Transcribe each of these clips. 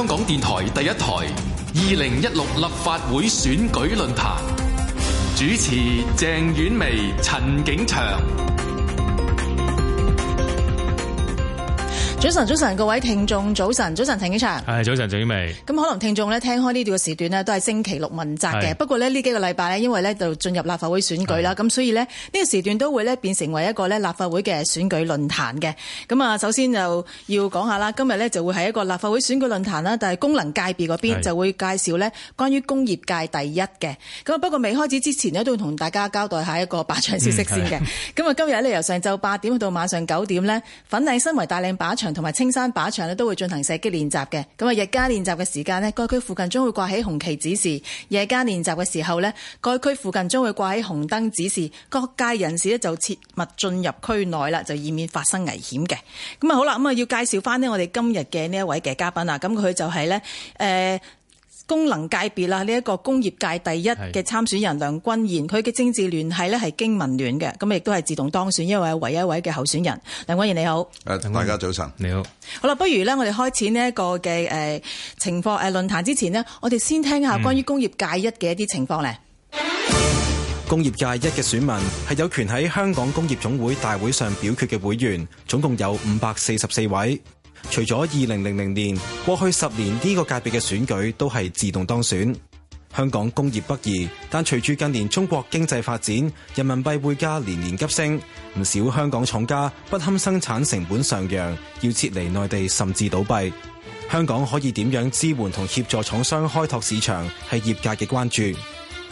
香港電台第一台二零一六立法會選舉論壇主持：鄭婉薇、陳景祥。早晨，早晨，各位聽眾，早晨，早晨，陳景祥。係早晨，鄭婉薇。咁可能聽眾咧聽開呢段嘅時段咧，都係星期六問責嘅。不過咧呢幾個禮拜咧，因為咧就進入立法會選舉啦，咁所以咧呢個時段都會咧變成為一個咧立法會嘅選舉論壇嘅。咁啊，首先就要講下啦，今日咧就會係一個立法會選舉論壇啦，但係功能界別嗰邊就會介紹咧關於工業界第一嘅。咁啊，不過未開始之前咧，都同大家交代一下一個靶場消息先嘅。咁、嗯、啊，今日咧由上晝八點去到晚上九點咧，粉嶺身為帶領靶場，同埋青山靶場都會進行射擊練習嘅，咁啊日間練習嘅時間咧，該區附近將會掛起紅旗指示；夜間練習嘅時候咧，該區附近將會掛起紅燈指示。各界人士就切勿進入區內啦，就以免發生危險嘅。咁、嗯、啊好啦，咁、嗯、啊要介紹返我哋今日嘅呢一位嘅嘉賓啦，咁、嗯、佢就係、是、呢。誒、呃。功能界別啦，呢一個工業界第一嘅參選人梁君彥，佢嘅政治聯繫呢係經民聯嘅，咁亦都係自動當選一位唯一一位嘅候選人。梁君彥你好，誒，大家早晨，你好。好啦，不如呢、這個、呃呃，我哋開始呢一個嘅誒情況誒論壇之前呢，我哋先聽一下關於工業界一嘅一啲情況呢、嗯、工業界一嘅選民係有權喺香港工業總會大會上表決嘅會員，總共有五百四十四位。除咗二零零零年，過去十年呢個界別嘅選舉都係自動當選，香港工業不移，但隨住近年中國經濟發展，人民幣匯價年年急升，唔少香港廠家不堪生產成本上揚，要撤離內地甚至倒閉，香港可以點樣支援同協助廠商開拓市場，係業界嘅關注。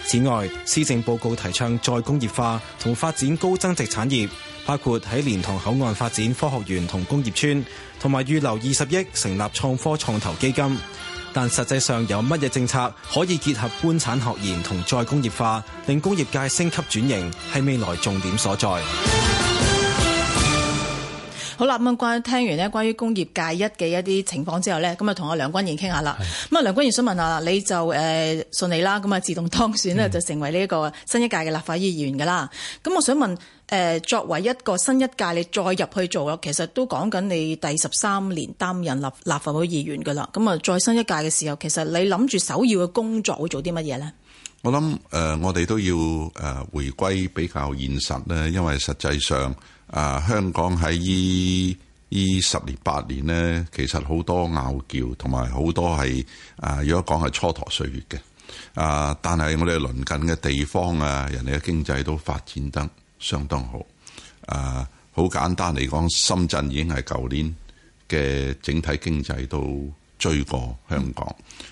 此外，施政報告提倡再工業化同發展高增值產業。包括喺蓮塘口岸發展科學園同工業村，同埋預留二十億成立創科創投基金。但實際上有乜嘢政策可以結合官產學研同再工業化，令工業界升級轉型係未來重點所在。好啦，咁關關聽完呢關於工業界一嘅一啲情況之後咧，咁啊，同阿梁君彥傾下啦。咁啊，梁君彥想問下啊，你就誒順利啦，咁啊，自動當選咧，就成為呢一個新一屆嘅立法議員噶啦。咁我想問誒，作為一個新一屆，你再入去做，其實都講緊你第十三年擔任立立法會議員噶啦。咁啊，再新一屆嘅時候，其實你諗住首要嘅工作會做啲乜嘢咧？我諗誒、呃，我哋都要誒、呃、回歸比較現實咧，因為實際上啊、呃，香港喺依依十年八年咧，其實好多拗撬，同埋好多係啊，如果講係蹉跎歲月嘅啊、呃。但係我哋鄰近嘅地方啊，人哋嘅經濟都發展得相當好啊。好、呃、簡單嚟講，深圳已經係舊年嘅整體經濟都追過香港。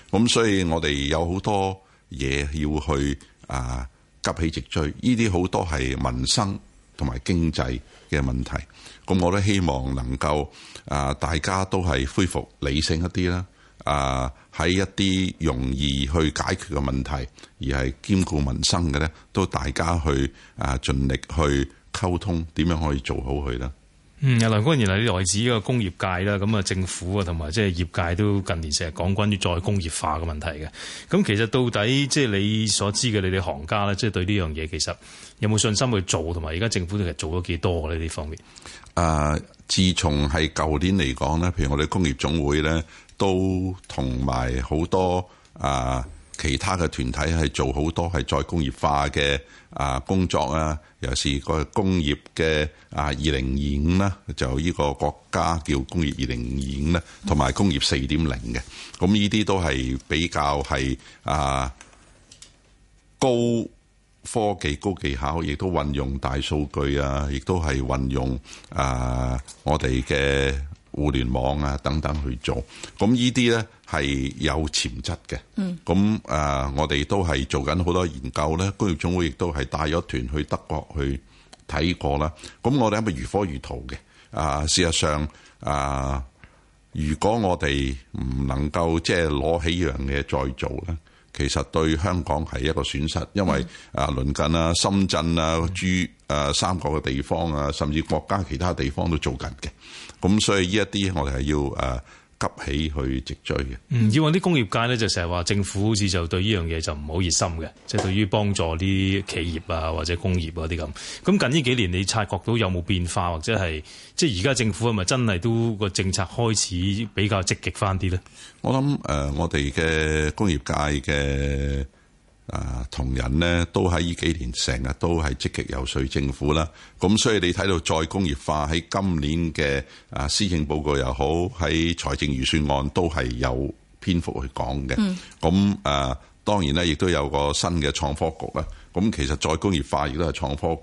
咁、嗯、所以，我哋有好多，嘢要去啊急起直追，呢啲好多係民生同埋經濟嘅問題，咁我都希望能夠啊大家都係恢復理性一啲啦，啊喺一啲容易去解決嘅問題，而係兼顧民生嘅咧，都大家去啊盡力去溝通，點樣可以做好佢啦。嗯，梁君彥，原來你來自一個工業界啦，咁啊，政府啊，同埋即係業界都近年成日講關於再工業化嘅問題嘅。咁其實到底即係你所知嘅你哋行家咧，即係對呢樣嘢其實有冇信心去做，同埋而家政府其實做咗幾多咧呢方面？啊、呃，自從係舊年嚟講咧，譬如我哋工業總會咧，都同埋好多啊。其他嘅團體係做好多係再工業化嘅啊工作啊，尤其是個工業嘅啊二零二五啦，就呢個國家叫工業二零二五啦，同埋工業四點零嘅，咁呢啲都係比較係啊高科技、高技巧，亦都運用大數據啊，亦都係運用啊我哋嘅互聯網啊等等去做，咁呢啲呢。係有潛質嘅，咁、嗯、誒、呃，我哋都係做緊好多研究咧。工業總會亦都係帶咗團去德國去睇過啦。咁我哋係咪如火如荼嘅？啊、呃，事實上啊、呃，如果我哋唔能夠即係攞起一樣嘢再做咧，其實對香港係一個損失，因為啊、嗯呃，鄰近啊、深圳啊、珠、呃、三角嘅地方啊，甚至國家其他地方都做緊嘅。咁、呃、所以呢一啲我哋係要誒。呃急起去直追嘅，嗯，以往啲工業界咧就成日話政府好似就對呢樣嘢就唔好熱心嘅，即係對於幫助啲企業啊或者工業嗰啲咁。咁近呢幾年你察覺到有冇變化或者係即係而家政府係咪真係都個政策開始比較積極翻啲咧？我諗、呃、我哋嘅工業界嘅。啊，同仁呢都喺呢幾年成日都係積極遊說政府啦，咁所以你睇到再工業化喺今年嘅啊施政報告又好，喺財政預算案都係有篇幅去講嘅。咁、嗯、啊，當然咧亦都有個新嘅創科局啦。咁其實再工業化亦都係創科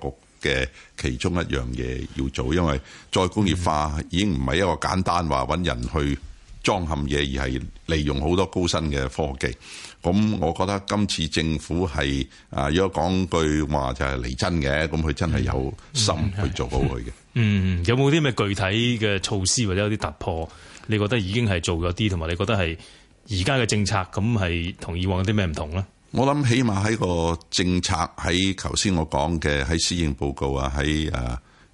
局嘅其中一樣嘢要做，因為再工業化已經唔係一個簡單話揾人去裝冚嘢而係利用好多高新嘅科技，咁我覺得今次政府係啊、呃，如果講句話就係、是、嚟真嘅，咁佢真係有心去做好佢嘅、嗯。嗯，有冇啲咩具體嘅措施或者有啲突破？你覺得已經係做咗啲？同埋你覺得係而家嘅政策咁係同以往有啲咩唔同咧？我諗起碼喺個政策喺頭先我講嘅喺施政報告啊，喺誒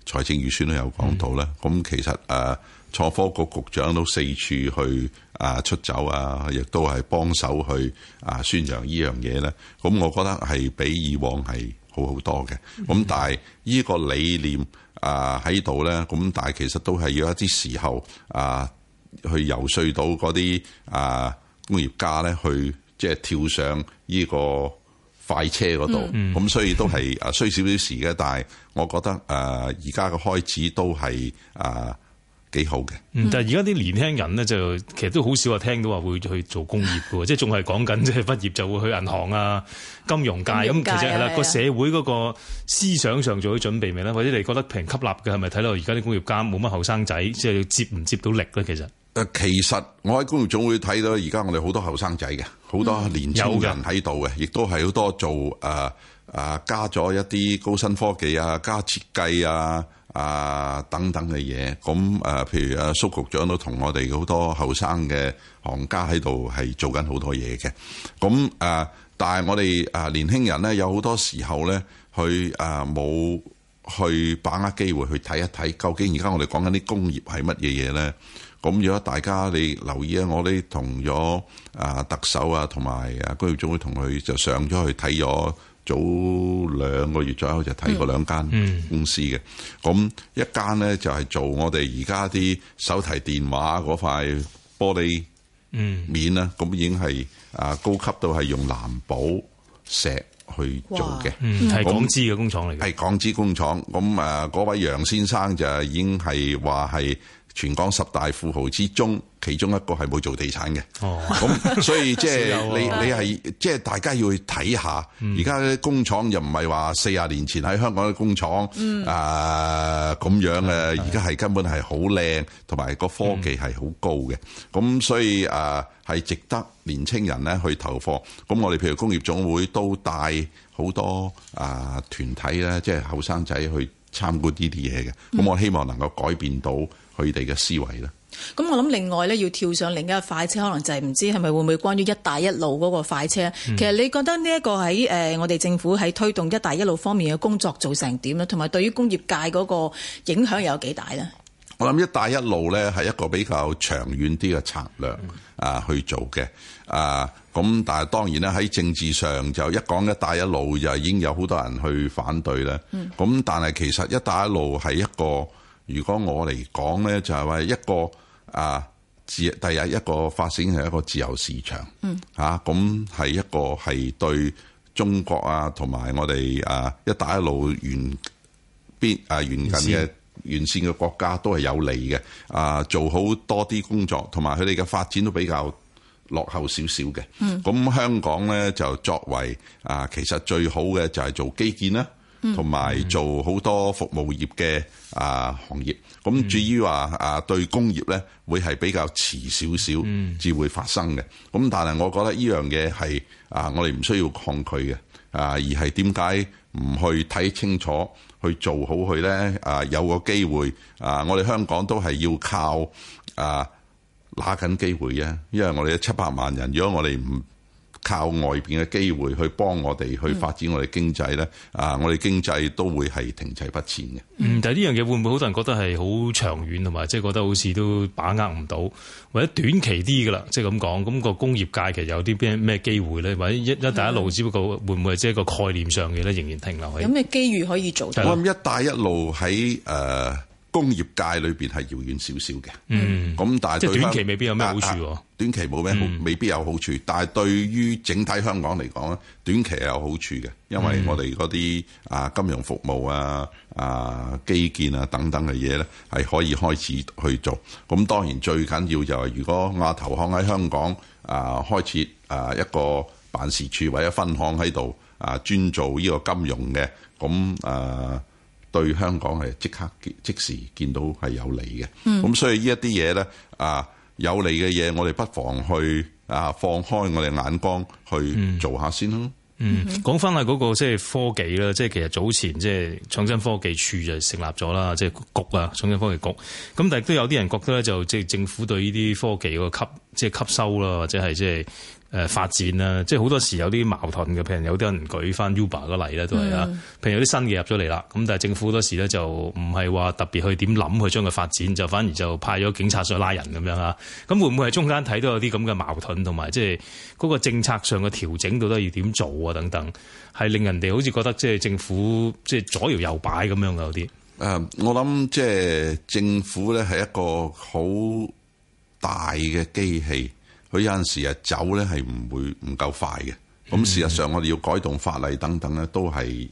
財政預算都有講到咧。咁、嗯、其實、啊創科局局長都四處去啊出走啊，亦都係幫手去啊宣揚呢樣嘢咧。咁我覺得係比以往係好好多嘅。咁但係呢個理念啊喺度咧，咁但係其實都係要一啲時候啊去游説到嗰啲啊工業家咧去即係跳上呢個快車嗰度。咁、mm-hmm. 所以都係啊需少少時嘅。但係我覺得誒而家嘅開始都係啊。幾好嘅、嗯，但係而家啲年輕人咧就其實都好少話聽到話會去做工業嘅，即係仲係講緊即係畢業就會去銀行啊、金融界咁。其實係啦，個社會嗰個思想上做啲準備未咧？或者你覺得平吸納嘅係咪睇到而家啲工業家冇乜後生仔，即係要接唔接到力呢？其實，誒，其實我喺工業總會睇到而家我哋好多後生仔嘅，好多年嘅人喺度嘅，亦都係好多做誒。呃啊，加咗一啲高新科技啊，加設計啊，啊等等嘅嘢。咁誒、啊，譬如阿、啊、蘇局長都同我哋好多後生嘅行家喺度，係做緊好多嘢嘅。咁、啊、誒，但係我哋年輕人咧，有好多時候咧，去誒冇、啊、去把握機會去睇一睇，究竟而家我哋講緊啲工業係乜嘢嘢咧？咁如果大家你留意啊，我哋同咗啊特首啊，同埋啊工業總會同佢就上咗去睇咗。早兩個月左右就睇過兩間公司嘅，咁、嗯嗯、一間咧就係做我哋而家啲手提電話嗰塊玻璃面啦，咁、嗯、已經係啊高級到係用藍寶石去做嘅，係、嗯嗯、港資嘅工廠嚟嘅，係港資工廠。咁啊嗰位楊先生就已經係話係。全港十大富豪之中，其中一個係冇做地產嘅。哦、oh.，咁所以即、就、係、是 啊，你你係，即、就、係、是、大家要去睇下。而家啲工廠又唔係話四啊年前喺香港啲工廠、mm. 啊咁樣嘅、啊 mm.，而家係根本係好靚，同埋個科技係好高嘅。咁、mm. 所以誒係、啊、值得年青人咧去投放。咁我哋譬如工業總會都帶好多啊團體咧，即係後生仔去參觀呢啲嘢嘅。咁我希望能夠改變到。佢哋嘅思維啦，咁我諗另外咧要跳上另一個快車，可能就係唔知係咪會唔會關於一帶一路嗰個快車、嗯，其實你覺得呢一個喺誒、呃、我哋政府喺推動一帶一路方面嘅工作做成點咧，同埋對於工業界嗰個影響又有幾大咧？我諗一帶一路咧係一個比較長遠啲嘅策略、嗯、啊去做嘅啊，咁但係當然啦，喺政治上就一講一帶一路就已經有好多人去反對咧。咁、嗯、但係其實一帶一路係一個。如果我嚟講呢，就係、是、話一個啊自第日一個發展係一個自由市場，嗯啊咁係一個係對中國啊同埋我哋啊一帶一路沿邊啊沿近嘅完善嘅國家都係有利嘅啊，做好多啲工作，同埋佢哋嘅發展都比較落後少少嘅，咁、嗯、香港呢，就作為啊其實最好嘅就係做基建啦。同埋做好多服務業嘅啊行業，咁至於話啊對工業呢會係比較遲少少至會發生嘅。咁、嗯、但係我覺得呢樣嘢係啊，我哋唔需要抗拒嘅啊，而係點解唔去睇清楚，去做好佢呢？啊？有個機會啊，我哋香港都係要靠啊拿緊機會嘅，因為我哋有七百萬人，如果我哋唔靠外邊嘅機會去幫我哋去發展我哋經濟咧、嗯，啊，我哋經濟都會係停滯不前嘅。嗯，但係呢樣嘢會唔會好多人覺得係好長遠同埋，即係覺得好似都把握唔到，或者短期啲噶啦，即係咁講。咁、個工業界其實有啲咩咩機會咧，或者一、一帶一路，只不過會唔會即係個概念上嘅咧，仍然停留喺。有咩機遇可以做？我諗一帶一路喺誒。呃工業界裏邊係遙遠少少嘅，咁、嗯、但係短期未必有咩好處、啊啊、短期冇咩，好、嗯，未必有好處。但係對於整體香港嚟講咧，短期係有好處嘅，因為我哋嗰啲啊金融服務啊、啊基建啊等等嘅嘢咧，係可以開始去做。咁、啊、當然最緊要就係、是、如果亞投行喺香港啊開始開設啊一個辦事處或者分行喺度啊專做呢個金融嘅咁啊。對香港係即刻即時見到係有利嘅，咁、嗯、所以呢一啲嘢咧啊有利嘅嘢，我哋不妨去啊放開我哋眼光去做下先咯。嗯，講翻係嗰個即係科技啦，即係其實早前即係創新科技處就成立咗啦，即係局啊創新科技局咁，但係都有啲人覺得咧，就即係政府對呢啲科技個吸即係吸收啦，或者係即係。誒發展啊，即係好多時有啲矛盾嘅，譬如有啲人舉翻 Uber 個例咧，都係啊。譬如有啲新嘅入咗嚟啦，咁但係政府好多時咧就唔係話特別去點諗去將佢發展，就反而就派咗警察上去拉人咁樣啊。咁會唔會喺中間睇到有啲咁嘅矛盾，同埋即係嗰個政策上嘅調整到底要點做啊？等等，係令人哋好似覺得即係政府即係左搖右擺咁樣嘅有啲。誒，我諗即係政府咧係一個好大嘅機器。佢有陣時啊走咧係唔會唔夠快嘅，咁事實上我哋要改動法例等等咧都係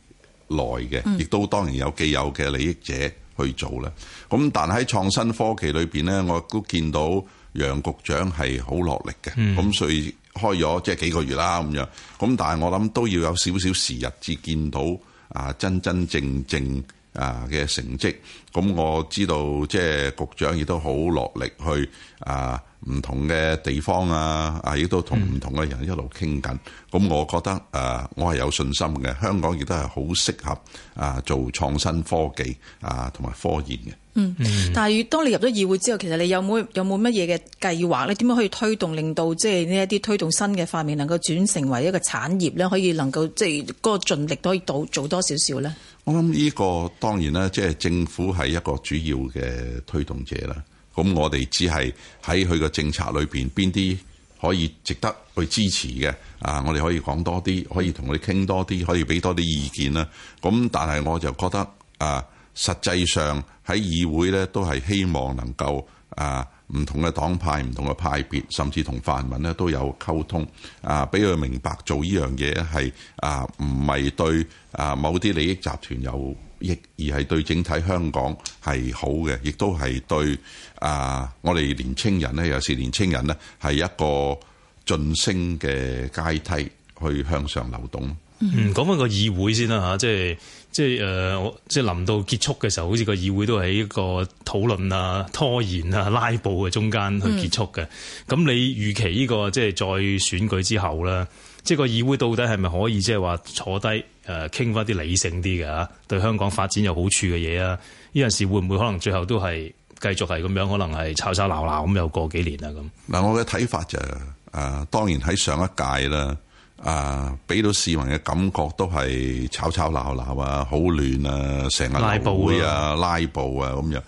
耐嘅，亦都當然有既有嘅利益者去做咧。咁但係喺創新科技裏邊咧，我都見到楊局長係好落力嘅，咁所以開咗即係幾個月啦咁樣。咁但係我諗都要有少少時日至見到啊真真正正啊嘅成績。咁我知道即係局長亦都好落力去啊。唔同嘅地方啊，啊亦都同唔同嘅人一路傾緊，咁、嗯、我覺得啊，我係有信心嘅。香港亦都係好適合啊，做創新科技啊，同埋科研嘅。嗯，但係當你入咗議會之後，其實你有冇有冇乜嘢嘅計劃咧？點樣可以推動令到即係呢一啲推動新嘅發明能夠轉成為一個產業咧？可以能夠即係嗰個盡力都可以到做多少少咧？我諗呢個當然啦，即係政府係一個主要嘅推動者啦。咁我哋只係喺佢個政策裏邊，邊啲可以值得去支持嘅啊？我哋可以講多啲，可以同佢傾多啲，可以俾多啲意見啦。咁但係我就覺得啊，實際上喺議會呢都係希望能夠啊，唔同嘅黨派、唔同嘅派別，甚至同泛民呢都有溝通啊，俾佢明白做呢樣嘢係啊，唔係對啊某啲利益集團有。亦而係對整體香港係好嘅，亦都係對啊、呃！我哋年青人咧，尤其是年青人咧，係一個晉升嘅階梯，去向上流動。嗯，講翻個議會先啦嚇，即係即係誒，即、呃、係、就是、臨到結束嘅時候，好似個議會都喺一個討論啊、拖延啊、拉布嘅中間去結束嘅。咁、嗯、你預期呢、呢個即係、就是、再選舉之後咧？即係個議會到底係咪可以即係話坐低誒傾翻啲理性啲嘅嚇，對香港發展有好處嘅嘢啊？呢陣時會唔會可能最後都係繼續係咁樣，可能係吵吵鬧鬧咁又過幾年啊？咁嗱，我嘅睇法就誒、是啊，當然喺上一屆啦，啊，俾到市民嘅感覺都係吵吵鬧鬧啊，好亂啊，成日拉，拉布啊，拉布啊咁樣。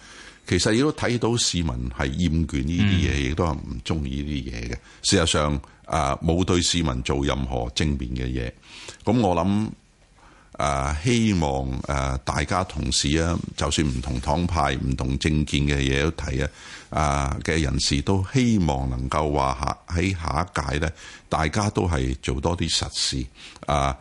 其實亦都睇到市民係厭倦呢啲嘢，亦都係唔中意呢啲嘢嘅。事實上。啊！冇對市民做任何正面嘅嘢，咁我諗啊，希望誒、啊、大家同事啊，就算唔同黨派、唔同政見嘅嘢都睇啊，啊嘅人士都希望能夠話下喺下一屆呢，大家都係做多啲實事啊。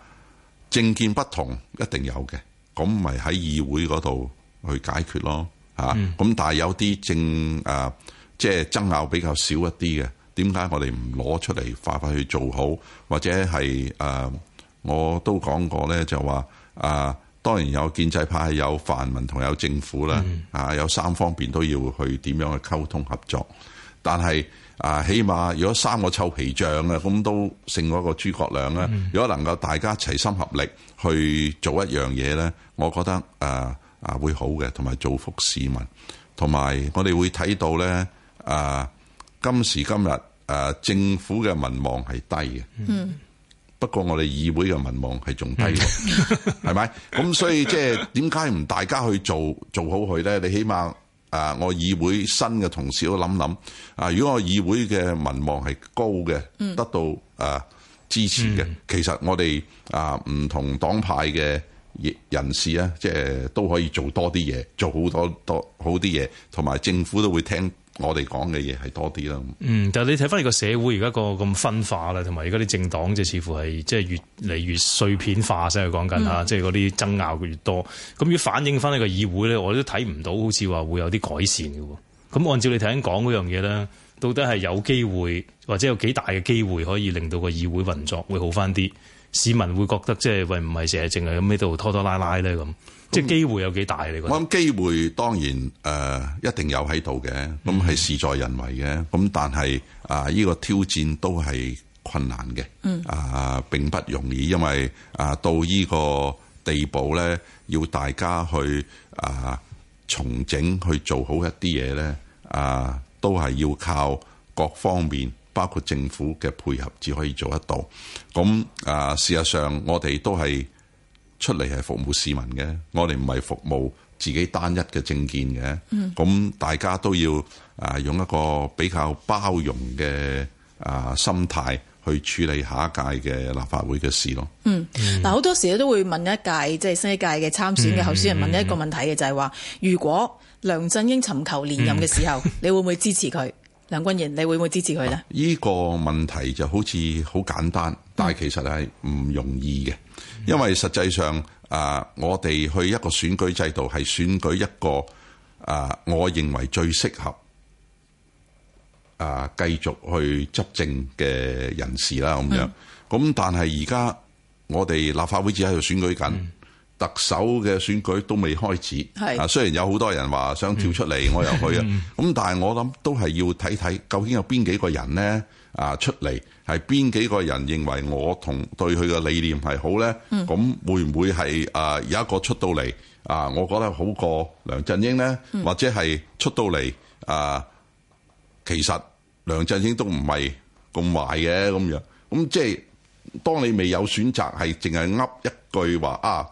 政見不同一定有嘅，咁咪喺議會嗰度去解決咯嚇。咁但係有啲政啊，即係、啊就是、爭拗比較少一啲嘅。點解我哋唔攞出嚟快快去做好，或者係誒、呃，我都講過呢，就話誒、呃，當然有建制派、有泛民同有政府啦、嗯，啊，有三方面都要去點樣去溝通合作。但係啊、呃，起碼如果三個臭皮匠啊，咁都勝過一個諸葛亮啦、嗯。如果能夠大家齊心合力去做一樣嘢呢，我覺得誒啊、呃、會好嘅，同埋造福市民，同埋我哋會睇到呢。啊、呃。今時今日，誒、呃，政府嘅民望係低嘅，嗯，不過我哋議會嘅民望係仲低，係 咪？咁所以即係點解唔大家去做做好佢咧？你起碼誒、呃，我議會新嘅同事都諗諗，啊、呃，如果我議會嘅民望係高嘅、嗯，得到誒、呃、支持嘅、嗯，其實我哋啊唔同黨派嘅人士啊，即係都可以做多啲嘢，做好多多，多好啲嘢，同埋政府都會聽。我哋講嘅嘢係多啲啦。嗯，但係你睇翻呢個社會而家個咁分化啦，同埋而家啲政黨即似乎係即係越嚟越碎片化，即係講緊嚇，即係嗰啲爭拗越多。咁要反映翻呢個議會咧，我都睇唔到好似話會有啲改善嘅喎。咁按照你頭先講嗰樣嘢咧，到底係有機會，或者有幾大嘅機會可以令到個議會運作會好翻啲？市民會覺得即係喂，唔係成日淨係咁喺度拖拖拉拉咧咁。即係機會有幾大？你覺得機？我諗機會當然誒、呃，一定有喺度嘅。咁係事在人為嘅。咁、嗯、但係啊，呢、呃這個挑戰都係困難嘅。嗯。啊、呃，並不容易，因為啊、呃，到呢個地步咧，要大家去啊、呃、重整，去做好一啲嘢咧。啊、呃，都係要靠各方面，包括政府嘅配合，至可以做得到。咁、呃、啊，事實上我哋都係。出嚟係服務市民嘅，我哋唔係服務自己單一嘅政見嘅。咁、嗯、大家都要啊，用一個比較包容嘅啊心態去處理下一屆嘅立法會嘅事咯。嗯，嗱、嗯、好多時都會問一屆即係、就是、新一屆嘅參選嘅候選人問一個問題嘅、嗯，就係、是、話如果梁振英尋求連任嘅時候，嗯、 你會唔會支持佢？梁君彥，你會唔會支持佢呢？呢、啊這個問題就好似好簡單，但係其實係唔容易嘅，嗯，因為實際上啊，我哋去一個選舉制度係選舉一個啊，我認為最適合啊繼續去執政嘅人士啦，咁樣。咁、嗯、但係而家我哋立法會只喺度選舉緊。嗯特首嘅選舉都未開始，啊，雖然有好多人話想跳出嚟、嗯，我又去啊，咁 但係我諗都係要睇睇究竟有邊幾個人呢？啊出嚟，係邊幾個人認為我同對佢嘅理念係好呢？咁、嗯、會唔會係啊、呃、有一個出到嚟啊、呃，我覺得好過梁振英呢？嗯、或者係出到嚟啊、呃，其實梁振英都唔係咁壞嘅咁樣，咁即係當你未有選擇，係淨係噏一句話啊！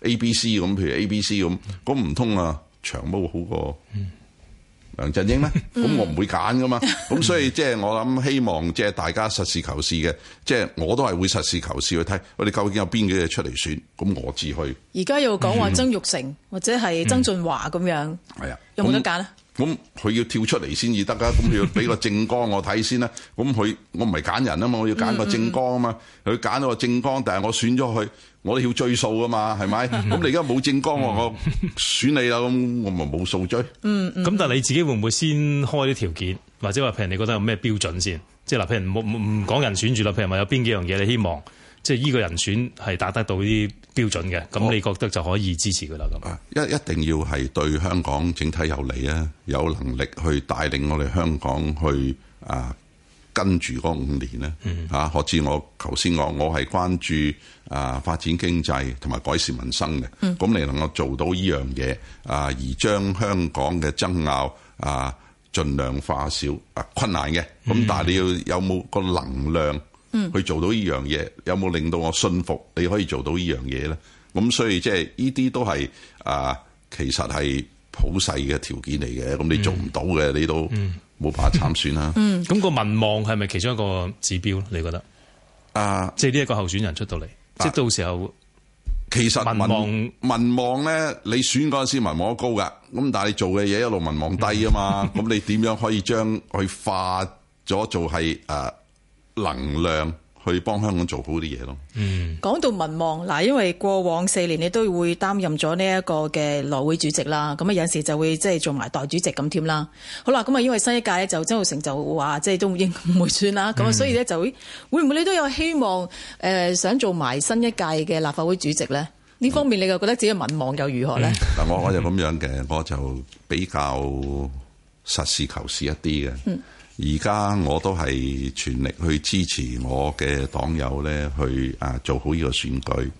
A、B、C 咁，譬如 A、B、C 咁，咁唔通啊，長毛好過梁振英咩？咁 我唔會揀噶嘛。咁 所以即係我諗，希望即係大家實事求是嘅，即係我都係會實事求是去睇。我哋究竟有邊幾個嘢出嚟選？咁我自去。而家又講話曾鈺成 或者係曾俊華咁樣，係 啊、哎，有冇得揀咧？咁佢要跳出嚟先至得啊！咁佢要俾個政綱我睇先啦。咁佢我唔係揀人啊嘛，我要揀個政綱啊嘛。佢揀咗個政綱，但係我選咗佢。我哋要追數啊嘛，係咪？咁 你而家冇政綱我選你啦，咁我咪冇數追。 嗯，咁但係你自己會唔會先開啲條件，或者話譬如你覺得有咩標準先？即係嗱，譬如唔唔唔講人選住啦，譬、嗯、如話有邊幾樣嘢你希望，即係依個人選係達得到呢啲標準嘅，咁、嗯、你覺得就可以支持佢啦咁。一一定要係對香港整體有利啊，有能力去帶領我哋香港去啊。跟住嗰五年咧，嚇、嗯，可、啊、知我頭先講我我係關注啊發展經濟同埋改善民生嘅，咁、嗯、你能夠做到呢樣嘢啊，而將香港嘅爭拗啊，盡量化少啊困難嘅，咁、啊、但係你要有冇個能量去做到呢樣嘢，有冇令到我信服你可以做到呢樣嘢咧？咁所以即係呢啲都係啊，其實係普世嘅條件嚟嘅，咁你做唔到嘅，你都，嗯嗯冇辦法參選啦。 嗯，咁個民望係咪其中一個指標你覺得？啊、呃，即係呢一個候選人出到嚟，呃、即係到時候，其實民望民望咧，你選嗰陣時民望高噶，咁但係你做嘅嘢一路民望低啊嘛，咁 你點樣可以將佢化咗做係誒、呃、能量？去幫香港做好啲嘢咯。嗯，講到民望，嗱，因為過往四年你都會擔任咗呢一個嘅內會主席啦，咁啊有時就會即係做埋代主席咁添啦。好啦，咁啊因為新一屆咧就曾鈺成就話即係都應唔會算啦，咁啊所以咧就會唔、嗯、會,會你都有希望誒想做埋新一屆嘅立法會主席咧？呢方面你又覺得自己民望又如何咧？嗱、嗯嗯，我我就咁樣嘅，我就比較實事求是一啲嘅。嗯。而家我都係全力去支持我嘅黨友呢，去啊做好呢個選舉。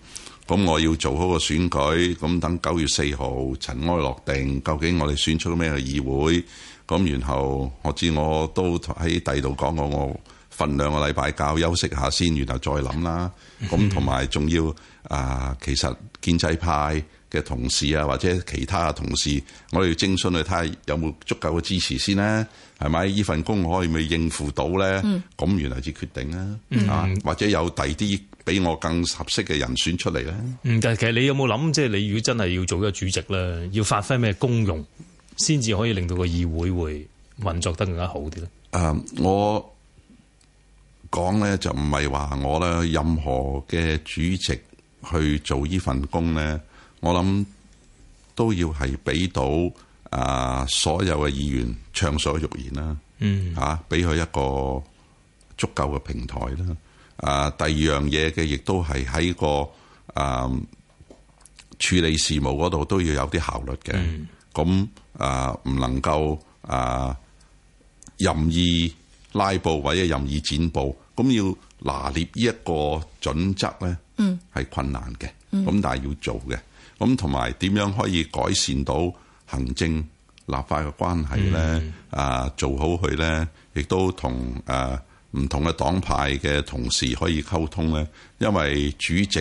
咁我要做好個選舉，咁等九月四號塵埃落定，究竟我哋選出咩議會？咁然後我知我都喺第二度講過，我瞓兩個禮拜覺休息下先，然後再諗啦。咁同埋仲要啊，其實建制派。嘅同事啊，或者其他嘅同事，我哋要徵詢佢睇下有冇足夠嘅支持先咧，係咪？依份工可以未應付到咧？咁、嗯、原來至決定啊、嗯、啊，或者有第二啲比我更合適嘅人選出嚟咧。但、嗯、係其實你有冇諗，即係你如果真係要做一個主席咧，要發揮咩功用，先至可以令到個議會會運作得更加好啲咧？誒、嗯，我講咧就唔係話我咧，任何嘅主席去做呢份工咧。我諗都要係俾到啊、呃，所有嘅議員暢所欲言啦，嗯、mm. 啊，吓俾佢一個足夠嘅平台啦。啊，第二樣嘢嘅，亦都係喺個啊、呃、處理事務嗰度都要有啲效率嘅。咁、mm. 啊，唔、呃、能夠啊、呃、任意拉布或者任意剪布，咁要拿捏呢一個準則咧，嗯，係困難嘅。咁、mm. mm. 但係要做嘅。咁同埋點樣可以改善到行政立法嘅關係呢？Mm-hmm. 啊，做好佢呢，亦都、啊、同唔同嘅黨派嘅同事可以溝通呢。因為主席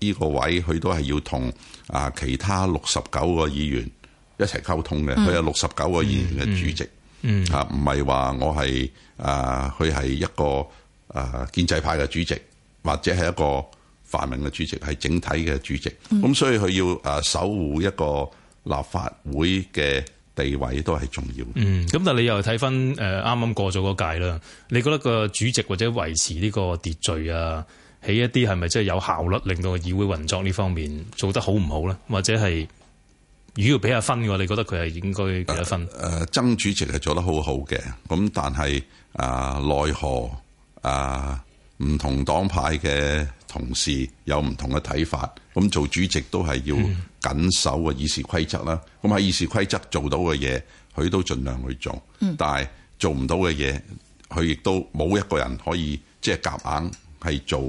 呢個位佢都係要同啊其他六十九個議員一齊溝通嘅。佢有六十九個議員嘅主席。mm-hmm. Mm-hmm. 啊，唔係話我係啊，佢係一個、啊、建制派嘅主席，或者係一個。泛民嘅主席係整體嘅主席，咁、嗯、所以佢要誒守護一個立法會嘅地位都係重要。嗯，咁但係你又睇翻誒啱啱過咗嗰屆啦，你覺得個主席或者維持呢個秩序啊，起一啲係咪真係有效率，令到議會運作呢方面做得好唔好咧？或者係如果要俾下分嘅話，你覺得佢係應該幾多分？誒、呃呃，曾主席係做得好好嘅，咁但係啊、呃，奈何啊，唔、呃、同黨派嘅。同事有唔同嘅睇法，咁做主席都係要緊守個議事規則啦。咁、嗯、喺議事規則做到嘅嘢，佢都盡量去做。嗯、但係做唔到嘅嘢，佢亦都冇一個人可以即係夾硬係做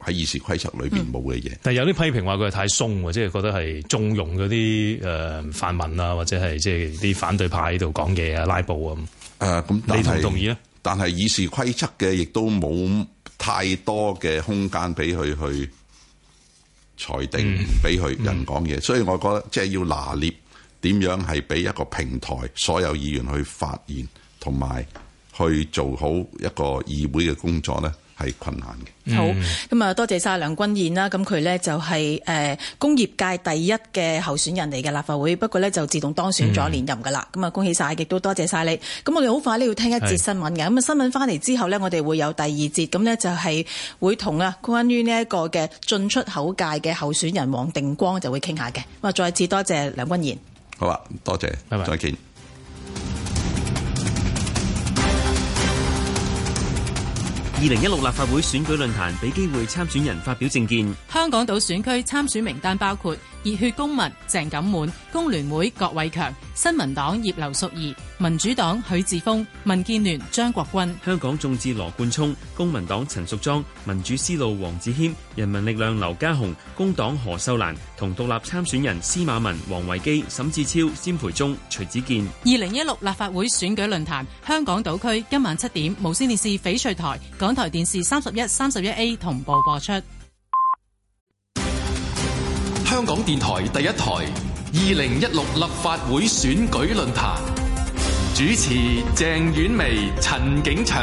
喺議事規則裏邊冇嘅嘢。但係有啲批評話佢係太鬆，即係覺得係縱容嗰啲誒泛民啊，或者係即係啲反對派喺度講嘢啊、拉布啊。誒，咁，你同唔同意啊？但係議事規則嘅亦都冇太多嘅空間俾佢去裁定，俾、mm. 佢人講嘢，所以我覺得即係要拿捏點樣係俾一個平台所有議員去發言，同埋去做好一個議會嘅工作咧。係困難嘅、嗯。好，咁啊，多謝晒梁君彥啦。咁佢呢就係誒工業界第一嘅候選人嚟嘅立法會，不過呢就自動當選咗連任噶啦。咁、嗯、啊，恭喜晒，亦都多謝晒你。咁我哋好快呢要聽一節新聞嘅。咁啊，新聞翻嚟之後呢，我哋會有第二節。咁呢就係、是、會同啊，關於呢一個嘅進出口界嘅候選人黃定光就會傾下嘅。咁啊，再次多謝梁君彥。好啊，多謝，拜拜，再見。二零一六立法會選舉論壇俾機會參選人發表政見。香港島選區參選名單包括，熱血公民鄭錦滿，工聯會郭偉強，新民黨葉劉淑儀，民主黨許智峰，民建聯張國鈞，香港眾志羅冠聰，公民黨陳淑莊，民主思路黃子謙，人民力量劉嘉鴻，工黨何秀蘭同獨立參選人司馬文、王維基、沈志超、詹培忠、徐子見。二零一六立法會選舉論壇，香港島區今晚七點，無線電視翡翠台、港台電視三十一、三十一 A 同步播出。香港電台第一台，二零一六立法會選舉論壇主持鄭婉薇、陳景祥。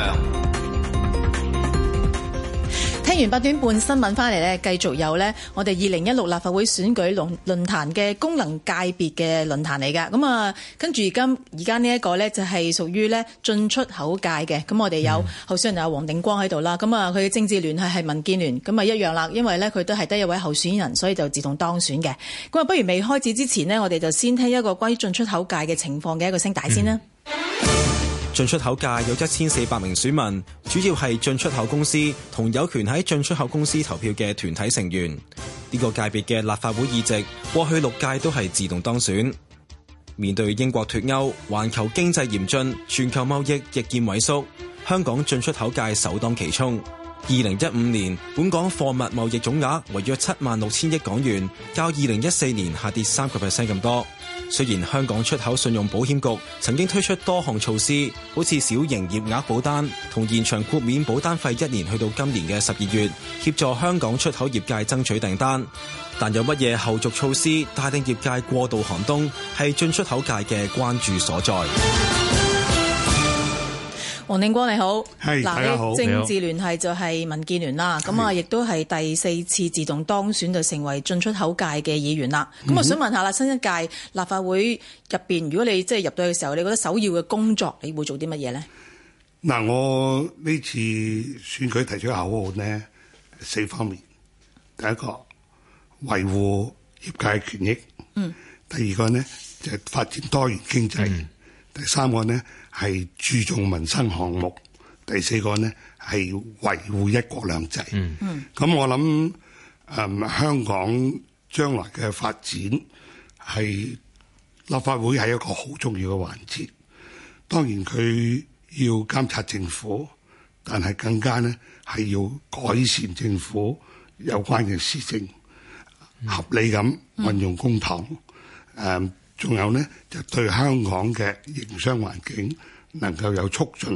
聽完八點半新聞翻嚟咧，繼續有呢我哋二零一六立法會選舉論論壇嘅功能界別嘅論壇嚟㗎。咁啊，跟住今而家呢一個呢，就係屬於呢進出口界嘅。咁我哋有候選人阿黃定光喺度啦。咁啊，佢嘅政治聯繫係民建聯，咁啊一樣啦。因為呢，佢都係得一位候選人，所以就自動當選嘅。咁啊，不如未開始之前呢，我哋就先聽一個關於進出口界嘅情況嘅一個聲帶先啦。嗯進出口界有一千四百名選民，主要係進出口公司同有權喺進出口公司投票嘅團體成員。呢個界別嘅立法會議席，過去六屆都係自動當選。面對英國脱歐、環球經濟嚴峻、全球貿易日漸萎縮，香港進出口界首當其衝。二零一五年，本港貨物貿易總額為約七萬六千億港元，較二零一四年下跌三個 percent 咁多。雖然香港出口信用保險局曾經推出多項措施，好似小營業額保單同延長豁免保單費一年去到今年嘅十二月，協助香港出口業界爭取訂單，但有乜嘢後續措施帶領業界過渡寒冬，係進出口界嘅關注所在。黃定光，你好，係，大家好。政治聯繫就係民建聯啦，咁啊，亦都係第四次自動當選就成為進出口界嘅議員啦。咁我想問下啦，新一屆立法會入邊，如果你即係入到去嘅時候，你覺得首要嘅工作你會做啲乜嘢咧？嗱，我呢次選舉提出口號咧，四方面。第一個維護業界權益，嗯，第二個咧就係發展多元經濟。嗯第三個呢係注重民生項目，第四個呢係維護一國兩制。嗯嗯，咁我諗香港將來嘅發展係立法會係一個好重要嘅環節。當然佢要監察政府，但係更加呢係要改善政府有關嘅施政，合理咁運用公帑。仲有咧，就對香港嘅營商環境能夠有促進，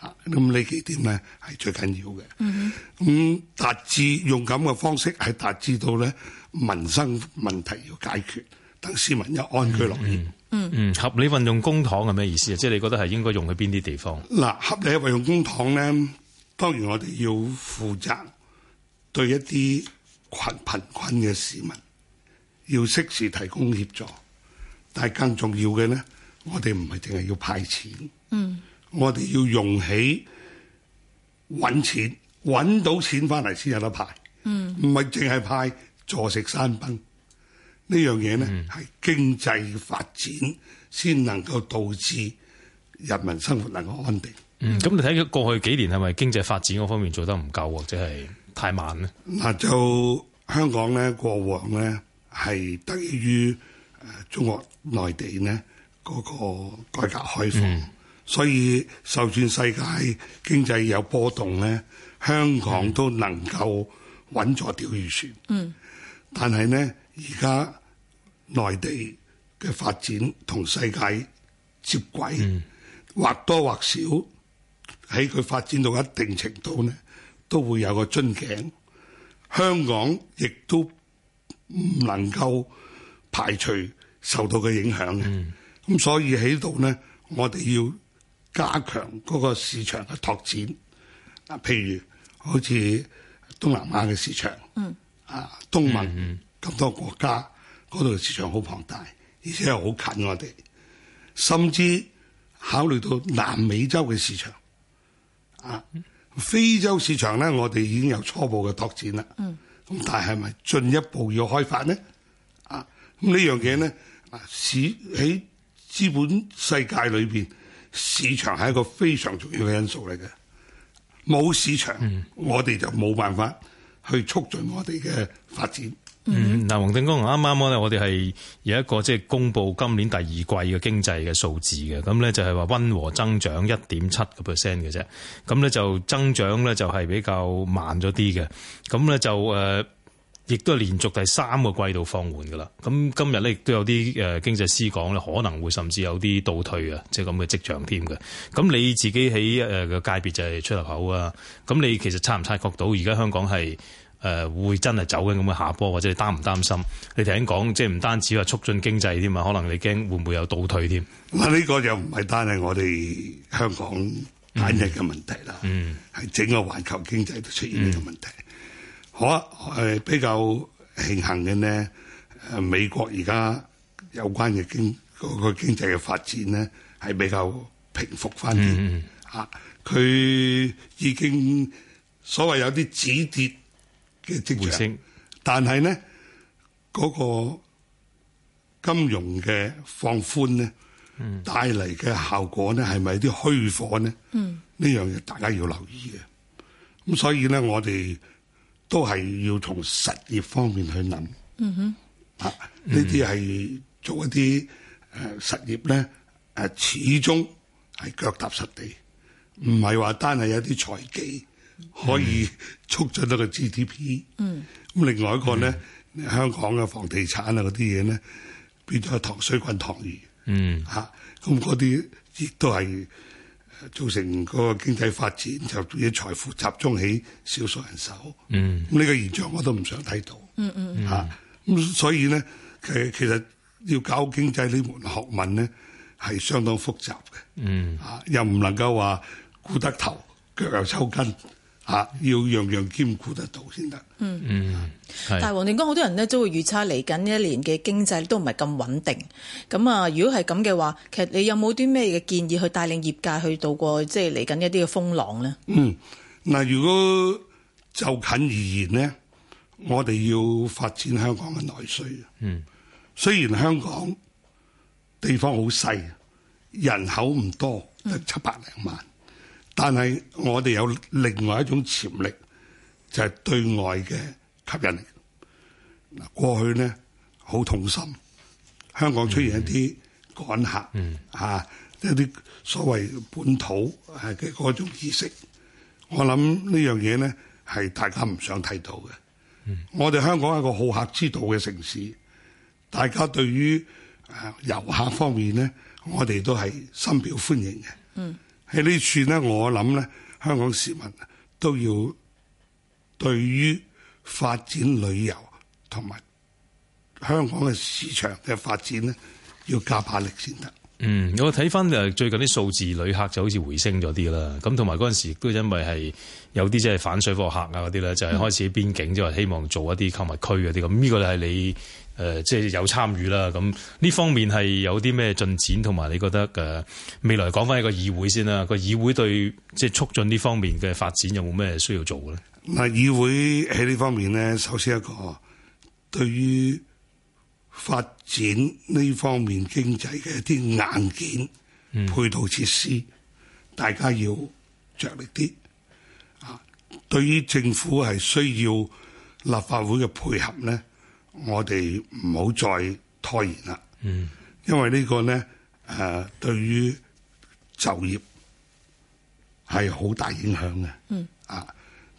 咁、啊、呢幾點咧係最緊要嘅。咁、mm-hmm. 嗯、達至用咁嘅方式，係達至到咧民生問題要解決，等市民有安居樂業。嗯、mm-hmm. 嗯、mm-hmm. mm-hmm. 啊，合理運用公帑係咩意思啊？即係你覺得係應該用喺邊啲地方？嗱，合理運用公帑咧，當然我哋要負責對一啲貧貧困嘅市民，要適時提供協助。但係更重要嘅咧，我哋唔係淨係要派錢，嗯，我哋要用起揾錢，揾到錢翻嚟先有得派，嗯，唔係淨係派坐食山崩呢樣嘢咧，係經濟發展先能夠導致人民生活能夠安定。嗯，咁你睇下過去幾年係咪經濟發展嗰方面做得唔夠，或者係太慢咧？嗱，就香港咧，過往咧係得益於。中國內地呢嗰個改革開放，嗯、所以就算世界經濟有波動呢，香港都能夠穩坐釣魚船。嗯，但係呢，而家內地嘅發展同世界接軌，嗯、或多或少喺佢發展到一定程度呢都會有個樽頸。香港亦都唔能夠。排除受到嘅影響嘅，咁、嗯、所以喺度咧，我哋要加強嗰個市場嘅拓展。嗱，譬如好似東南亞嘅市場，啊、嗯，東盟咁多國家，嗰度市場好龐大，而且又好近我哋。甚至考慮到南美洲嘅市場，啊、嗯，非洲市場咧，我哋已經有初步嘅拓展啦。咁、嗯、但係咪進一步要開發咧？呢樣嘢咧，市喺資本世界裏邊，市場係一個非常重要嘅因素嚟嘅。冇市場，我哋就冇辦法去促進我哋嘅發展。嗯，嗱、嗯嗯嗯，黃定光啱啱咧，剛剛我哋係有一個即係公布今年第二季嘅經濟嘅數字嘅，咁咧就係話溫和增長一點七個 percent 嘅啫。咁咧就增長咧就係比較慢咗啲嘅。咁咧就誒。呃亦都係連續第三個季度放緩㗎啦，咁今日咧亦都有啲誒經濟師講咧，可能會甚至有啲倒退啊，即係咁嘅跡象添嘅。咁你自己喺誒個界別就係出入口啊，咁你其實察唔察覺到而家香港係誒、呃、會真係走緊咁嘅下坡，或者你擔唔擔心？你頭先講即係唔單止話促進經濟添嘛，可能你驚會唔會有倒退添？我呢個又唔係單係我哋香港單一嘅問題啦，係整個環球經濟都出現呢個問題。嗯嗯嗯好啊，比較慶幸嘅咧，誒美國而家有關嘅經嗰個經濟嘅發展咧，係比較平復翻啲，佢已經所謂有啲止跌嘅跡象，但係咧嗰個金融嘅放寬咧，帶嚟嘅效果咧，係咪啲虛火咧？嗯，呢樣嘢、嗯、大家要留意嘅。咁所以咧，我哋都係要從實業方面去諗，嗯哼，啊，呢啲係做一啲誒、呃、實業咧，誒始終係腳踏實地，唔係話單係有啲財技可以促進到個 GDP，嗯，咁另外一個咧、嗯，香港嘅房地產啊嗰啲嘢咧，變咗塘水滾塘魚，嗯，吓、啊，咁嗰啲亦都係。造成個經濟發展就啲財富集中喺少數人手，咁、嗯、呢、呢個現象我都唔想睇到。咁、嗯啊、所以咧，其實要搞經濟呢門學問咧係相當複雜嘅、嗯啊，又唔能夠話顧得頭，腳又抽筋。啊、要樣樣兼顧得到先得。嗯嗯，係。但係黃定光，好多人咧都會預測嚟緊呢一年嘅經濟都唔係咁穩定。咁啊，如果係咁嘅話，其實你有冇啲咩嘅建議去帶領業界去度過即係嚟緊一啲嘅風浪咧？嗯，嗱，如果就近而言咧，我哋要發展香港嘅內需啊。嗯，雖然香港地方好細啊，人口唔多，得七百零萬。但係我哋有另外一種潛力，就係對外嘅吸引力。嗱，過去咧好痛心，香港出現一啲趕客，一啲所謂本土嘅嗰種意識。我諗呢樣嘢咧係大家唔想睇到嘅。嗯。我哋香港係個好客之道嘅城市，大家對於誒遊客方面咧，我哋都係深表歡迎嘅。嗯喺呢處咧，我諗咧，香港市民都要對於發展旅遊同埋香港嘅市場嘅發展咧，要加把力先得。嗯，我睇翻誒最近啲數字，旅客就好似回升咗啲啦，咁同埋嗰陣時亦都因為係有啲即係反水貨客啊嗰啲咧，就係開始喺邊境即係希望做一啲購物區嗰啲咁，呢個係你誒即係有參與啦。咁呢方面係有啲咩進展？同埋你覺得誒未來講翻一個議會先啦。個議會對即係促進呢方面嘅發展有冇咩需要做咧？嗱，議會喺呢方面咧，首先一個對於。發展呢方面經濟嘅一啲硬件配套設施，嗯，大家要着力啲。啊，對於政府係需要立法會嘅配合咧，我哋唔好再拖延啦。嗯，因為呢個咧誒，對於就業係好大影響嘅。嗯啊，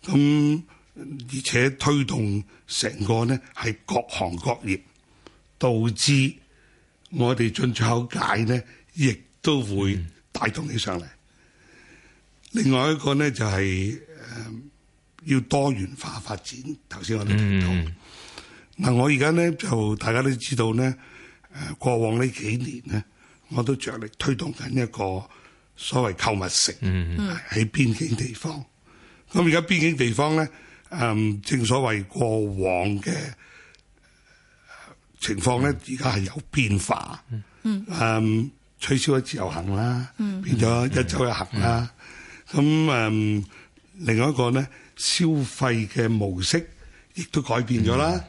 咁而且推動成個咧係各行各業。導致我哋進出口界咧，亦都會帶動起上嚟。另外一個咧就係誒要多元化發展。頭先我哋提到，嗱我而家咧就大家都知道咧，誒過往呢幾年咧，我都着力推動緊一個所謂購物城喺邊境地方。咁而家邊境地方咧，誒正所謂過往嘅。情況咧，而家係有變化。嗯嗯，誒，取消咗自由行啦，變咗一週一行啦。咁誒，另外一個咧，消費嘅模式亦都改變咗啦。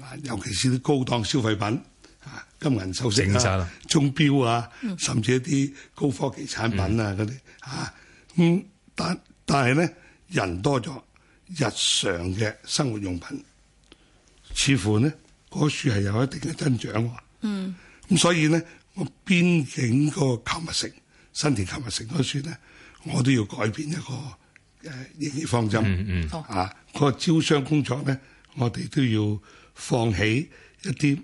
嗱，尤其是啲高檔消費品，啊，金銀首飾啊，鐘錶啊，甚至一啲高科技產品啊嗰啲，啊，咁但但係咧，人多咗，日常嘅生活用品，似乎咧。嗰、嗰個、樹係有一定嘅增長、啊，嗯，咁所以咧，我邊境嗰個購物城、新田購物城嗰樹咧，我都要改變一個誒營業方針，嗯嗯，好啊，嗰個招商工作咧，我哋都要放棄一啲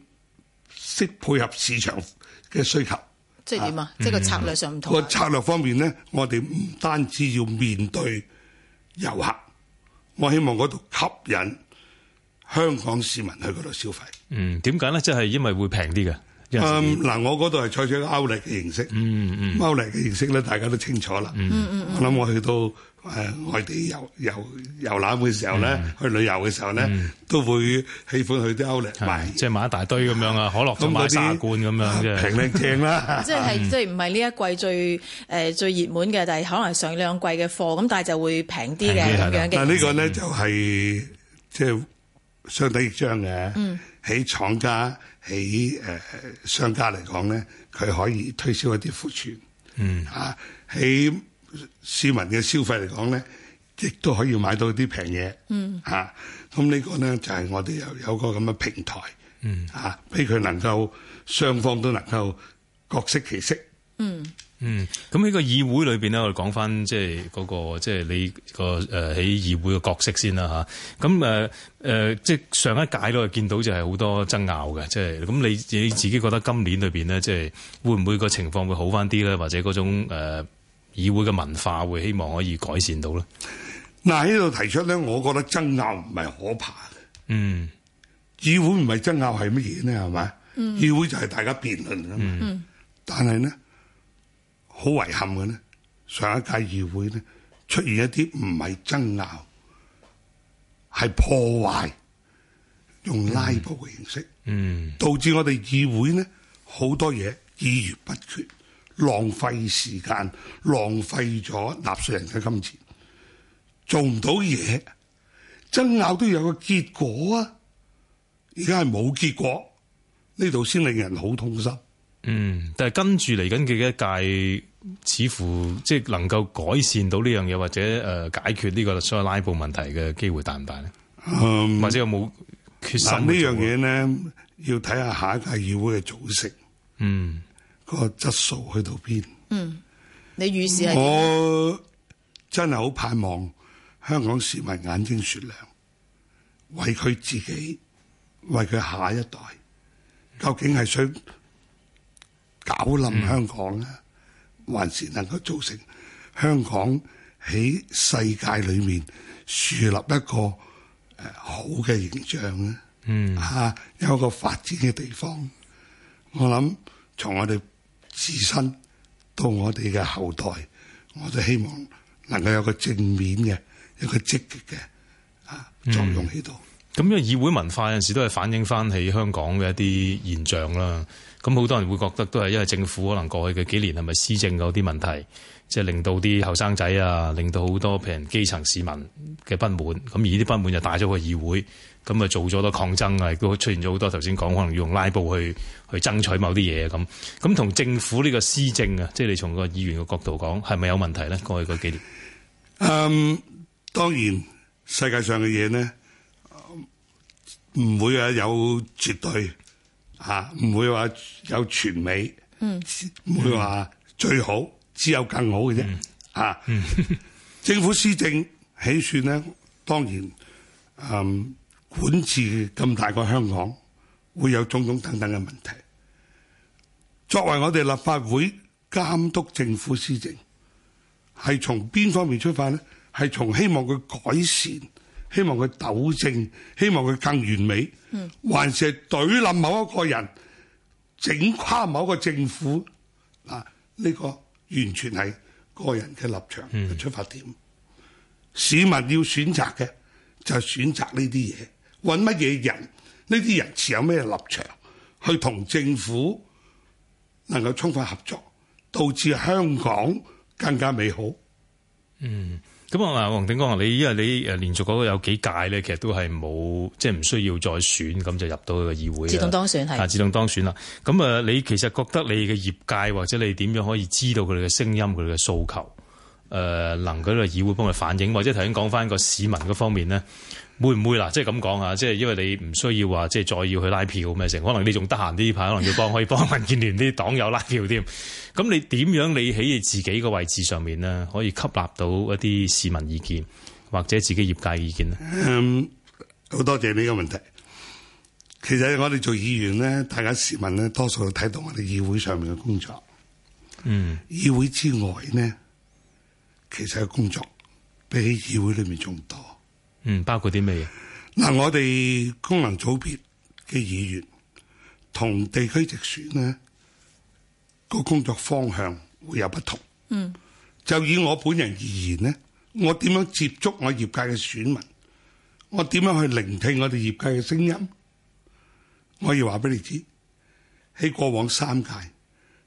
適配合市場嘅需求，即係點啊？即係個策略上唔同、啊。嗰個策略方面咧，我哋唔單止要面對遊客，我希望嗰度吸引。香港市民去嗰度消費，嗯，點解咧？即係因為會平啲嘅。嗱、嗯嗯，我嗰度係採取歐力嘅形式，嗯歐、嗯、力嘅形式咧，大家都清楚啦、嗯。我諗我去到誒、呃、外地遊遊遊覽嘅時候咧、嗯，去旅遊嘅時候咧、嗯，都會喜歡去啲歐力是買，是即係買一大堆咁樣啊，可樂都買大罐咁樣嘅平靚正啦。即係即係唔係呢一季最誒、呃、最熱門嘅，但係可能上兩季嘅貨咁，但係就會平啲嘅咁樣嘅。但呢個咧就係即係。嗯就係就係相得益彰嘅，喺、嗯、廠家喺誒商家嚟講咧，佢可以推銷一啲庫存，嗯啊喺市民嘅消費嚟講咧，亦都可以買到一啲平嘢，嗯啊咁呢個咧就係我哋有有一個咁嘅平台，嗯啊俾佢能夠雙方都能夠各適其適，嗯。嗯，咁呢個議會裏邊咧，我哋講翻即係嗰、嗰個即係你個誒喺議會嘅角色先啦吓。咁誒誒，即係上一屆咧，見到就係好多爭拗嘅，即係咁你你自己覺得今年裏邊咧，即係會唔會個情況會好翻啲咧？或者嗰種誒、呃、議會嘅文化會希望可以改善到咧？嗱、嗯，喺、嗯、度提出咧，我覺得爭拗唔係可怕嘅。嗯，議會唔係爭拗係乜嘢咧？係咪？議會就係大家辯論。嗯，但係呢好遺憾嘅咧，上一屆議會咧，出現一啲唔係爭拗，係破壞，用拉布嘅形式嗯，嗯，導致我哋議會咧好多嘢議而不決，浪費時間，浪費咗納稅人嘅金錢，做唔到嘢，爭拗都要有個結果啊！而家係冇結果，呢度先令人好痛心。嗯，但係跟住嚟緊嘅一屆，似乎即係能夠改善到呢樣嘢，或者誒、呃、解決呢個所謂拉布問題嘅機會大唔大咧、嗯？或者有冇決心呢樣嘢咧？要睇下下一屆議會嘅組織，嗯，個質素去到邊？嗯，你預示係我真係好盼望香港市民眼睛雪亮，為佢自己，為佢下一代，究竟係想。搞冧香港咧、嗯，還是能夠造成香港喺世界裏面樹立一個誒好嘅形象咧？嗯，嚇、啊、有一個發展嘅地方。我諗從我哋自身到我哋嘅後代，我都希望能夠有個正面嘅、有一個積極嘅啊作用喺度。咁、嗯、因為議會文化有陣時都係反映翻起香港嘅一啲現象啦。咁好多人會覺得都係因為政府可能過去嘅幾年係咪施政嗰啲問題，即係令到啲後生仔啊，令到好多譬如基層市民嘅不滿，咁而啲不滿就帶咗去議會，咁啊做咗多抗爭啊，亦都出現咗好多頭先講，可能要用拉布去去爭取某啲嘢咁。咁同政府呢個施政啊，即係你從個議員嘅角度講，係咪有問題咧？過去嗰幾年，嗯，當然世界上嘅嘢呢，唔會啊有絕對。嚇、啊，唔會話有全美，唔、嗯、會話最好，只有更好嘅啫、嗯啊嗯。嚇，政府施政起算咧，當然，嗯，管治咁大個香港，會有種種等等嘅問題。作為我哋立法會監督政府施政，係從邊方面出發咧？係從希望佢改善。希望佢糾正，希望佢更完美，還是係懟冧某一個人，整垮某一個政府？嗱、啊、呢、這個完全係個人嘅立場嘅出發點、嗯。市民要選擇嘅就係、是、選擇呢啲嘢，搵乜嘢人？呢啲人持有咩立場，去同政府能夠充分合作，導致香港更加美好。嗯。咁啊，黃定光你因為你誒連續嗰個有幾屆咧，其實都係冇即係唔需要再選，咁就入到個議會啦。自動當選係，自動當選啦。咁啊，你其實覺得你嘅業界或者你點樣可以知道佢哋嘅聲音、佢哋嘅訴求，誒、呃，能夠喺議會幫佢反映，或者頭先講翻個市民嗰方面咧？會唔會啦？即係咁講啊，即係因為你唔需要話即係再要去拉票咩成，可能你仲得閒呢排，可能要幫可以幫民建聯啲黨友拉票添。咁 你點樣你喺你自己個位置上面咧，可以吸納到一啲市民意見或者自己業界意見咧？嗯，好多謝你嘅問題。其實我哋做議員咧，大家市民咧，多數都睇到我哋議會上面嘅工作。嗯，議會之外呢，其實嘅工作比起議會裏面仲嗯，包括啲咩嘢？嗱、嗯，我哋功能組別嘅議員同地區直選咧，個工作方向會有不同。嗯，就以我本人而言咧，我點樣接觸我業界嘅選民？我點樣去聆聽我哋業界嘅聲音？我可以話俾你知，喺過往三屆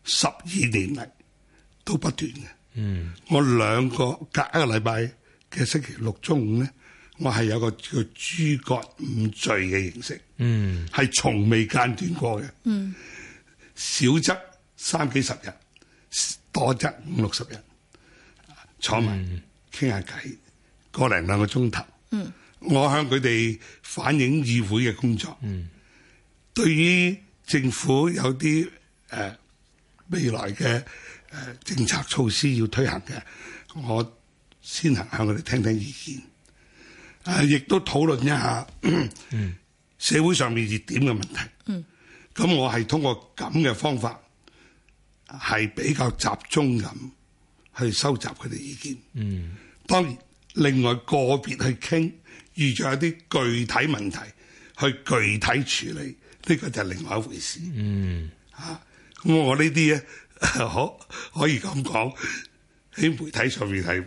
十二年嚟,都不斷嘅。嗯，我兩個隔一個禮拜嘅星期六中午咧。我係有個叫「諸葛五罪」嘅形式，係、嗯、從未間斷過嘅。少、嗯、則三幾十日，多則五六十日，坐埋傾下偈，個、嗯、零兩個鐘頭、嗯。我向佢哋反映議會嘅工作、嗯。對於政府有啲誒、呃、未來嘅誒、呃、政策措施要推行嘅，我先行向佢哋聽聽意見。啊！亦都討論一下、嗯、社會上面熱點嘅問題。咁、嗯、我係通過咁嘅方法，係比較集中咁去收集佢哋意見、嗯。當然，另外個別去傾，遇著一啲具體問題去具體處理，呢個就係另外一回事。嗯、啊！咁我呢啲咧，可可以咁講喺媒體上面係。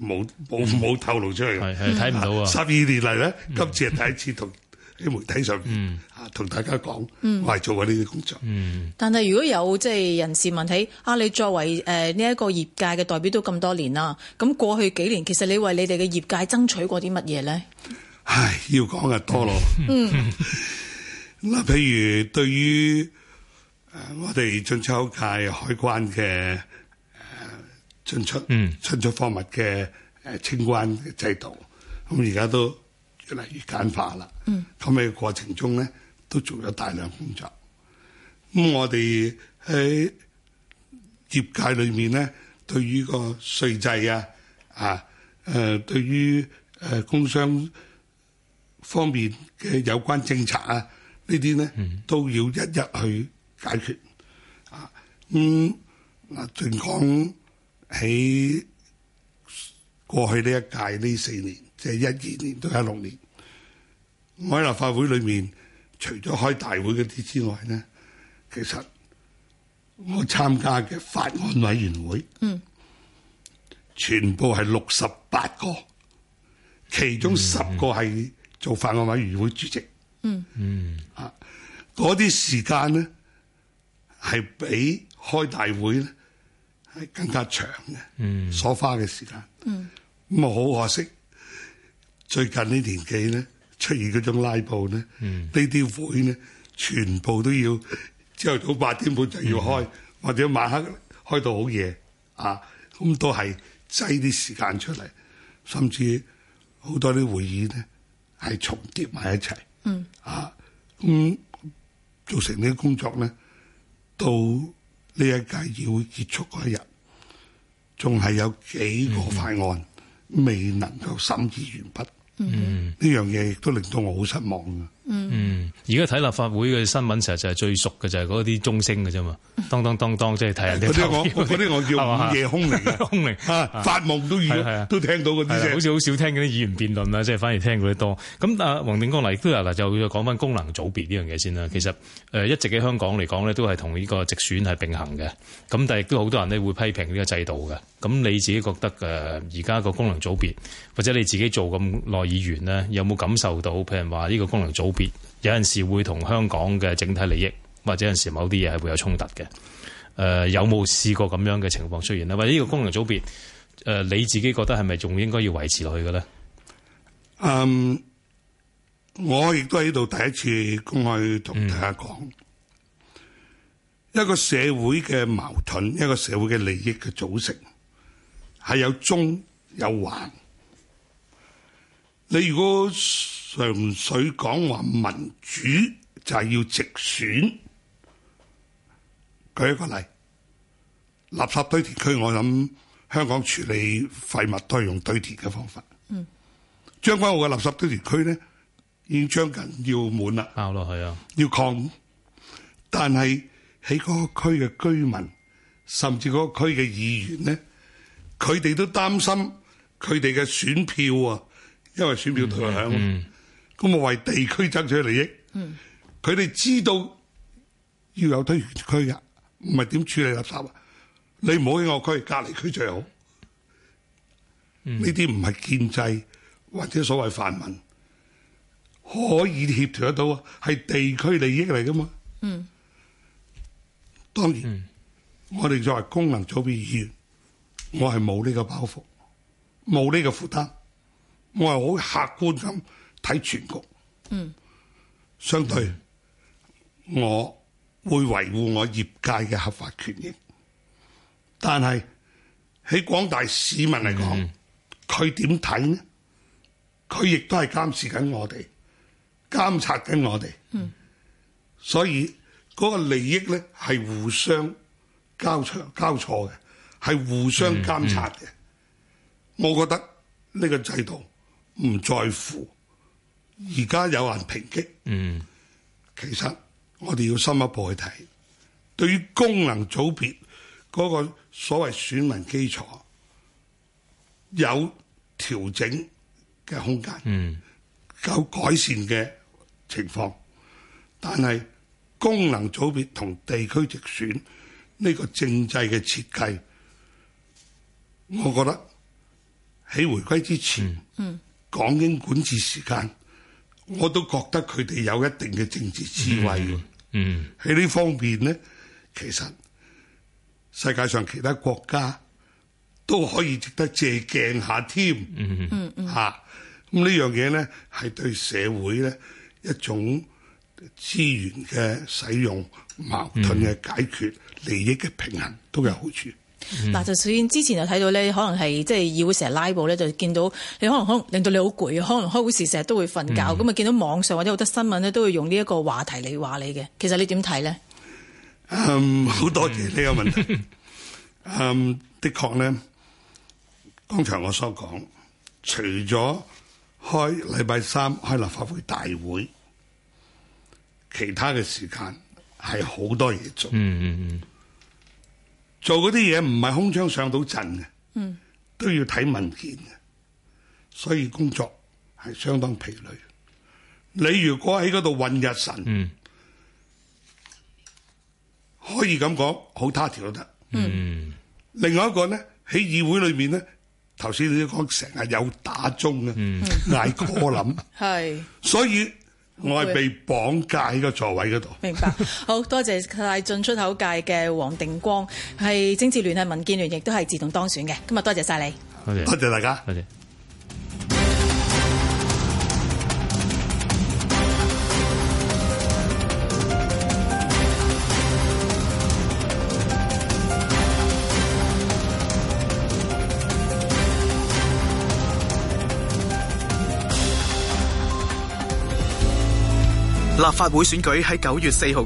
冇冇冇透露出去，係係睇唔到啊！十二年嚟咧，今次係第一次同喺媒體上邊、嗯、啊，同大家講，我係做緊呢啲工作。嗯，嗯，但係如果有即係人士問起啊，你作為誒呢一個業界嘅代表都咁多年啦，咁過去幾年其實你為你哋嘅業界爭取過啲乜嘢咧？唉，要講嘅多咯。嗯，嗱， 譬如對於誒我哋進出口界海關嘅。進出、進出出貨物嘅誒清關制度，咁而家都越嚟越簡化啦。咁、嗯、喺過程中咧，都做咗大量工作。咁我哋喺業界裏面咧，對於個稅制啊、啊、誒，對於誒工商方面嘅有關政策啊，呢啲咧都要一一去解決啊。咁、嗯、啊，仲、嗯、講。喺過去呢一屆呢四年，即係一二年到一六年，我喺立法會裏面，除咗開大會嗰啲之外咧，其實我參加嘅法案委員會，嗯，全部係六十八個，其中十個係做法案委員會主席，嗯嗯，啊，嗰啲時間咧係俾開大會咧，係更加長嘅，所花嘅時間。咁、嗯、啊，好、嗯、可惜，最近呢年紀咧出現嗰種拉布咧，嗯、這些呢啲會咧全部都要朝頭早八點半就要開，嗯、或者晚黑開到好夜啊。咁都係擠啲時間出嚟，甚至好多啲會議咧係重疊埋一齊、嗯。啊，咁造成呢啲工作咧到。呢一屆議會結束嗰一日，仲係有幾個法案未能夠審議完畢，呢、mm-hmm. 樣嘢亦都令到我好失望。嗯，而家睇立法會嘅新聞，其實就係最熟嘅就係嗰啲鐘聲嘅啫嘛，當當當當，即係睇人哋嗰啲我我叫午夜空嚟嘅，夜 空嚟嚇、啊，發夢都預、啊、都聽到嗰啲啫，好似好少聽嗰啲議員辯論啦，即 係反而聽嗰啲多。咁啊，黃定光嚟亦都嗱就再講翻功能組別呢樣嘢先啦。其實誒、呃、一直喺香港嚟講咧，都係同呢個直選係並行嘅。咁但係都好多人咧會批評呢個制度嘅。咁你自己覺得誒而家個功能組別或者你自己做咁耐議員呢，有冇感受到譬如話呢個功能組？有陣時會同香港嘅整體利益，或者有陣時某啲嘢係會有衝突嘅。誒、呃，有冇試過咁樣嘅情況出現咧？或者呢個功能組別，誒、呃，你自己覺得係咪仲應該要維持落去嘅咧？嗯、um,，我亦都喺度第一次公開同大家講、嗯，一個社會嘅矛盾，一個社會嘅利益嘅組成，係有中有橫。你如果純粹講話民主，就係要直選。舉一個例，垃圾堆填區，我諗香港處理廢物都係用堆填嘅方法。嗯，將軍澳嘅垃圾堆填區咧，已經將近要滿啦，拋落去啊，要擴。但係喺嗰個區嘅居民，甚至嗰個區嘅議員咧，佢哋都擔心佢哋嘅選票啊。因為選票投響，咁、嗯、我、嗯、為地區爭取利益，佢、嗯、哋知道要有堆填區啊，唔係點處理垃圾啊？你唔好喺我區，隔籬區最好。呢啲唔係建制或者所謂泛民可以協調得到啊，係地區利益嚟噶嘛？嗯，當然，嗯、我哋作為功能組別議員，我係冇呢個包袱，冇呢個負擔。我係好客觀咁睇全局，相對我會維護我業界嘅合法權益，但係喺廣大市民嚟講，嗯，佢點睇呢？佢亦都係監視緊我哋，監察緊我哋，所以嗰個利益咧係互相交長交錯嘅，係互相監察嘅。我覺得呢個制度。唔在乎，而家有人抨擊，嗯，其實我哋要深一步去睇，對於功能組別嗰個所謂選民基礎有調整嘅空間，嗯，有改善嘅情況，但係功能組別同地區直選呢個政制嘅設計，我覺得喺回歸之前，嗯。嗯港英管治時間，我都覺得佢哋有一定嘅政治智慧。嗯，喺呢方面咧，其實世界上其他國家都可以值得借鏡下添。嗯、mm-hmm. 嗯、啊，嚇咁呢樣嘢咧，係對社會咧一種資源嘅使用、矛盾嘅解決、mm-hmm. 利益嘅平衡都有好處。嗱、mm-hmm.，就算之前就睇到咧，可能係即係議會成日拉布咧，就見到你可能可能令到你好攰，可能開會時成日都會瞓覺，咁、mm-hmm. 啊見到網上或者好多新聞咧，都會用呢一個話題嚟話你嘅。其實你點睇咧？好、um, mm-hmm. 多謝呢個問題。嗯、 um,，的確咧，剛才我所講，除咗開禮拜三開立法會大會，其他嘅時間係好多嘢做。嗯嗯嗯。做嗰啲嘢唔係空槍上到陣嘅，都要睇文件嘅，所以工作係相當疲累。你如果喺嗰度混日神，嗯、可以咁講好他條都得。嗯，另外一個咧喺議會裏面咧，頭先你都講成日有打鐘嘅，嗌、嗯、歌林，係， 所以。我係被綁架喺個座位嗰度。明白， 好多謝晒進出口界嘅黃定光，係政治聯繫民建聯，亦都係自動當選嘅。今日多謝晒你，okay. 多謝大家，多謝。立法會選舉喺9月4